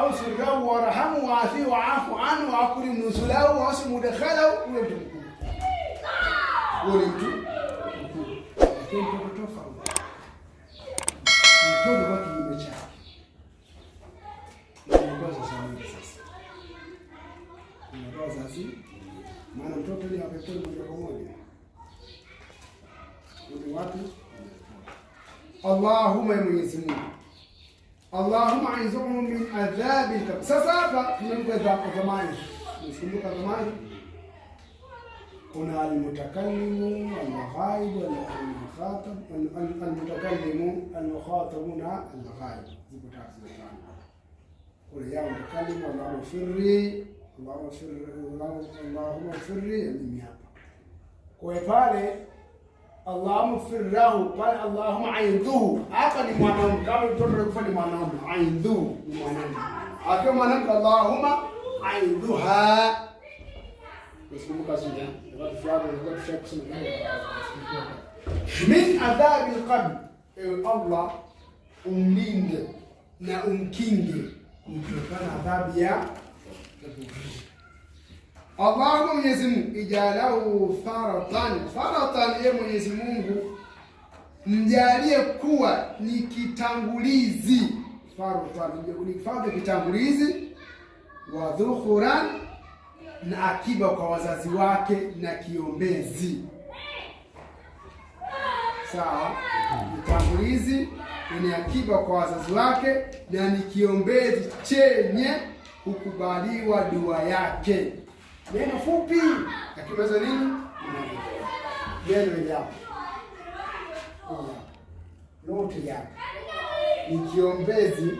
au sirrahu warhamu waafihi waafu anhu waakrim nuzulahu waasi mudakhalahu, huyo mtu mkuu, huyo ni mtu mkuu. Lakini mtoto tofauti, mtoto kwa kinyume chake. Inakuwa sasa hivi sasa inakuwa sasa hivi, maana mtoto ile apeponi moja kwa moja uli wapi? Allahumma, Mwenyezi Mungu اللهم اعزهم من عذاب القبر سسافا من عذاب الزمان يسلك الزمان هنا المتكلم الغائب المخاطب المتكلم المخاطب هنا الغائب زي الزمان قل متكلم الله فري الله فري الله فري اللي ميابا اللهم اغفر له قال اللهم عينذوه هكا لمعناهم ما نام رقفة ما نام لمعناهم ما نام اللهم عينذوها بس مو قصيدة يعني. من عذاب القبر إيه، الله أمليند نا أمكيند أمكيند عذاب يا Allah Mwenyezi Mungu ijalahu faratan faratan, ye Mwenyezi Mungu mjalie kuwa ni kitangulizi faratan, kitangulizi wa na akiba kwa wazazi wake na kiombezi. Sawa, kitangulizi ni akiba kwa wazazi wake na ni kiombezi chenye kukubaliwa dua yake neno fupi akimaza nini? Neno yapo lote yapo, ni kiombezi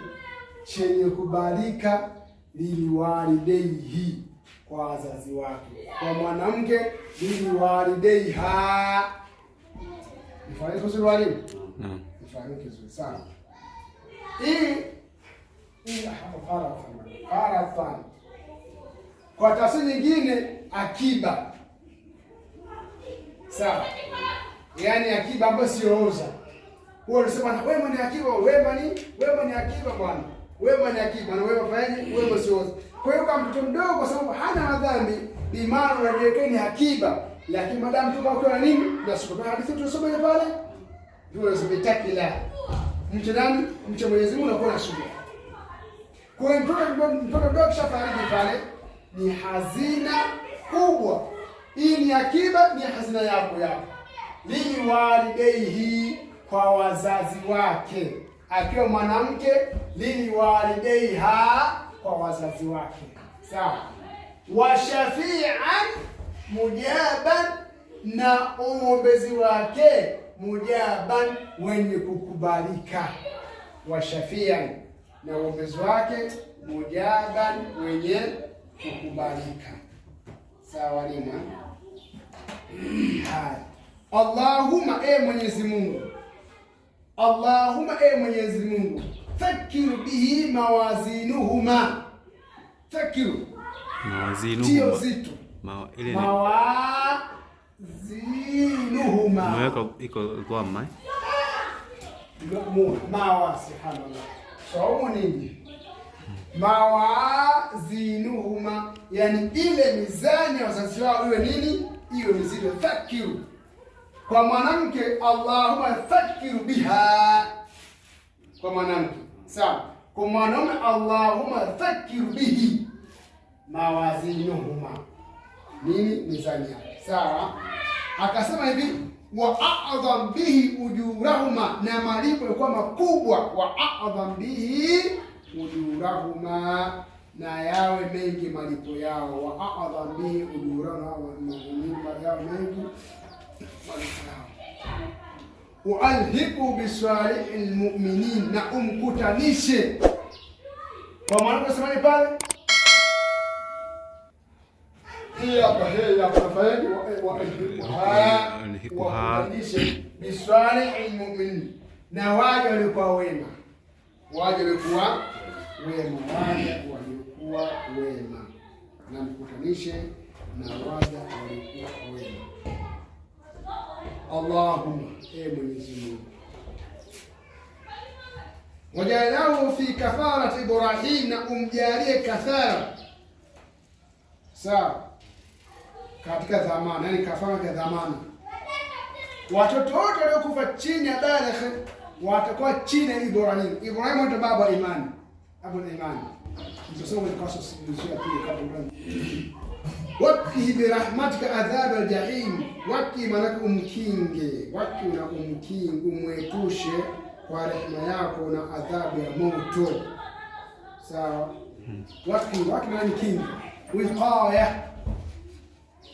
chenye kubalika hii kwa wazazi wake. Kwa mwanamke liliwalideiha. Nifahamike vizuri walimu, nifahamike vizuri sana hii hii hapo para sana para kwa tafsiri nyingine akiba, sawa, yaani akiba ambayo siooza. Huo unasema wema ni akiba, wema ni wema ni akiba bwana, wema ni akiba na wema fanyaje? Wema siooza. Kwa hiyo kwa mtoto mdogo, kwa sababu hana dhambi, imani unajiwekea ni akiba, lakini madamu tu kwa nini na siku sikutoa hadithi tunasoma ile pale, ndio unasema takila mche nani, mche Mwenyezi Mungu, unakuwa na subira. Kwa hiyo mtoto mdogo kishafariki pale ni hazina kubwa. Hii ni akiba, ni hazina yako yako. hii kwa wazazi wake, akiwa mwanamke ha kwa wazazi wake. Sawa. Washafian mujaban, na uombezi wake mujaban, wenye kukubalika. Washafian, na uombezi wake mujaban, wenye kukubalika. Sawa nina Haya. Allahumma, e Mwenyezi Mungu, Allahuma, e Mwenyezi Mungu, fakiru bihi mawazinuhuma, fakiru mawazinuhuma zito Ma, ile mawazinuhuma mweka iko kwa mai mawa subhanallah saumu nini mawazinuhuma, yani ile mizani ya wazazi wao iwe nini? Iwe mizito. Thank kwa mwanamke, Allahumma thakiru biha kwa mwanamke, sawa. Kwa mwanaume, allahuma thakiru bihi mawazinuhuma, nini? Mizani yake, sawa. Akasema hivi wa a'dham bihi ujurahuma, na malipo yalikuwa makubwa. Wa a'dham bihi ujurahuma, na yawe mengi malipo yao, wa adhami ujurahuma, yawe mengi malipo yao waalhiku bisalihi lmuminin, na umkutanishe kwa maana kasemani pale waamkutanishe bisalihi lmuminin, na waje walikuwa wema, waje walikuwa wema wale waliokuwa wema, na mkutanishe na wale waliokuwa wema. Allahumma, e Mwenyezi Mungu, wajalahu fi kafarati Ibrahim, na umjalie kathara sawa katika dhamana, yani kafara ya dhamana. Watoto wote waliokufa chini ya Dalekh watakuwa chini ya Ibrahim. Ibrahim ndio baba imani Waki birahmatika adhaba aljahim, waki manake umkinge, waki na umkinge, umwepushe kwa rehema yako na adhabu ya moto. Sawa, waki waki maana ni kinga, wiqaya.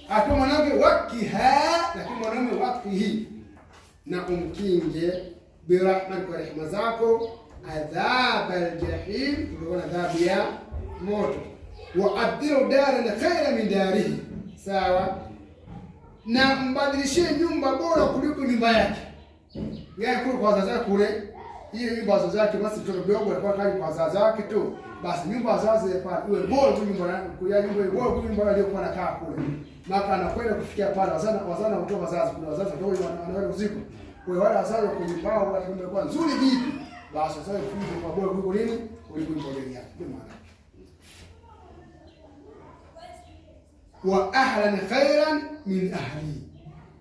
Hata mwanamke waki ha, lakini mwanamume waki hii na umkinge birahmatika, kwa rehema zako adhaba aljahim, kutokana adhabu ya moto. Waabdilu na khaira min darihi, sawa na mbadilishie nyumba bora kuliko nyumba yake. Yaani kule kwa wazazi kule, hiyo nyumba ya wazazi basi mtoto mdogo anakuwa kali kwa wazazi tu, basi nyumba ya wazazi hapana, iwe bora tu nyumba ya nyumba iwe bora kuliko nyumba aliyokuwa anakaa kule. Maka anakwenda kufikia pale, wazana wazana kutoka wazazi, kuna wazazi watoto wanaenda usiku, kwa wale wazazi wa kwenye pao, nzuri vipi basi sasa hivi kwa bora kuliko nini kuliko modeli yake ndio maana wa ahlan khairan min ahli,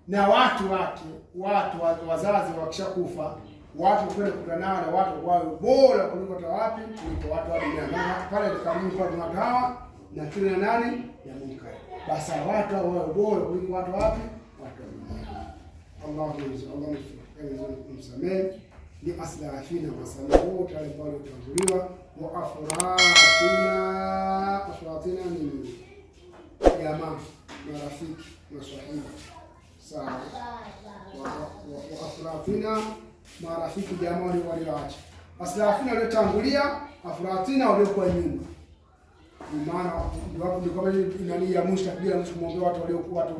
na watu wake watu wa wazazi wakishakufa watu kwenda kukutana nao na watu wao bora kuliko hata wapi kuliko watu wa dunia na pale tukamini kwa watu hawa na kile na nani ya munkar. Basi watu hao wao bora kuliko watu wapi watu wa dunia. Allahu Akbar. Allahu Akbar. Msamehe li aslahina masalani huo utaratibu uliotambuliwa wa afratina. Afratina ni jamaa, marafiki, maswahiba. Sawa, wa afratina, marafiki, jamaa walioacha. Aslarafina waliotangulia, afratina waliokuwa nyuma. Ni maana iwapo ni kama nani ya mwisho kabila mtu kumwombea watu waliokuwa watu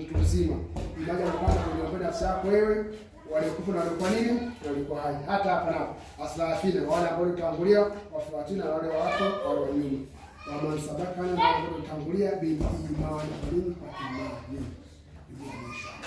mtu mzima, mmoja anapata kuombea nafsi yako wewe waliokufa na walikuwa nini, walikuwa hai. Hata hapa napo aslafina, wale ambao walitangulia, wafuatina na wale wako wale wa nyuma, waman sabakana na walitangulia, bil imani, kwa nini? Kwa imani.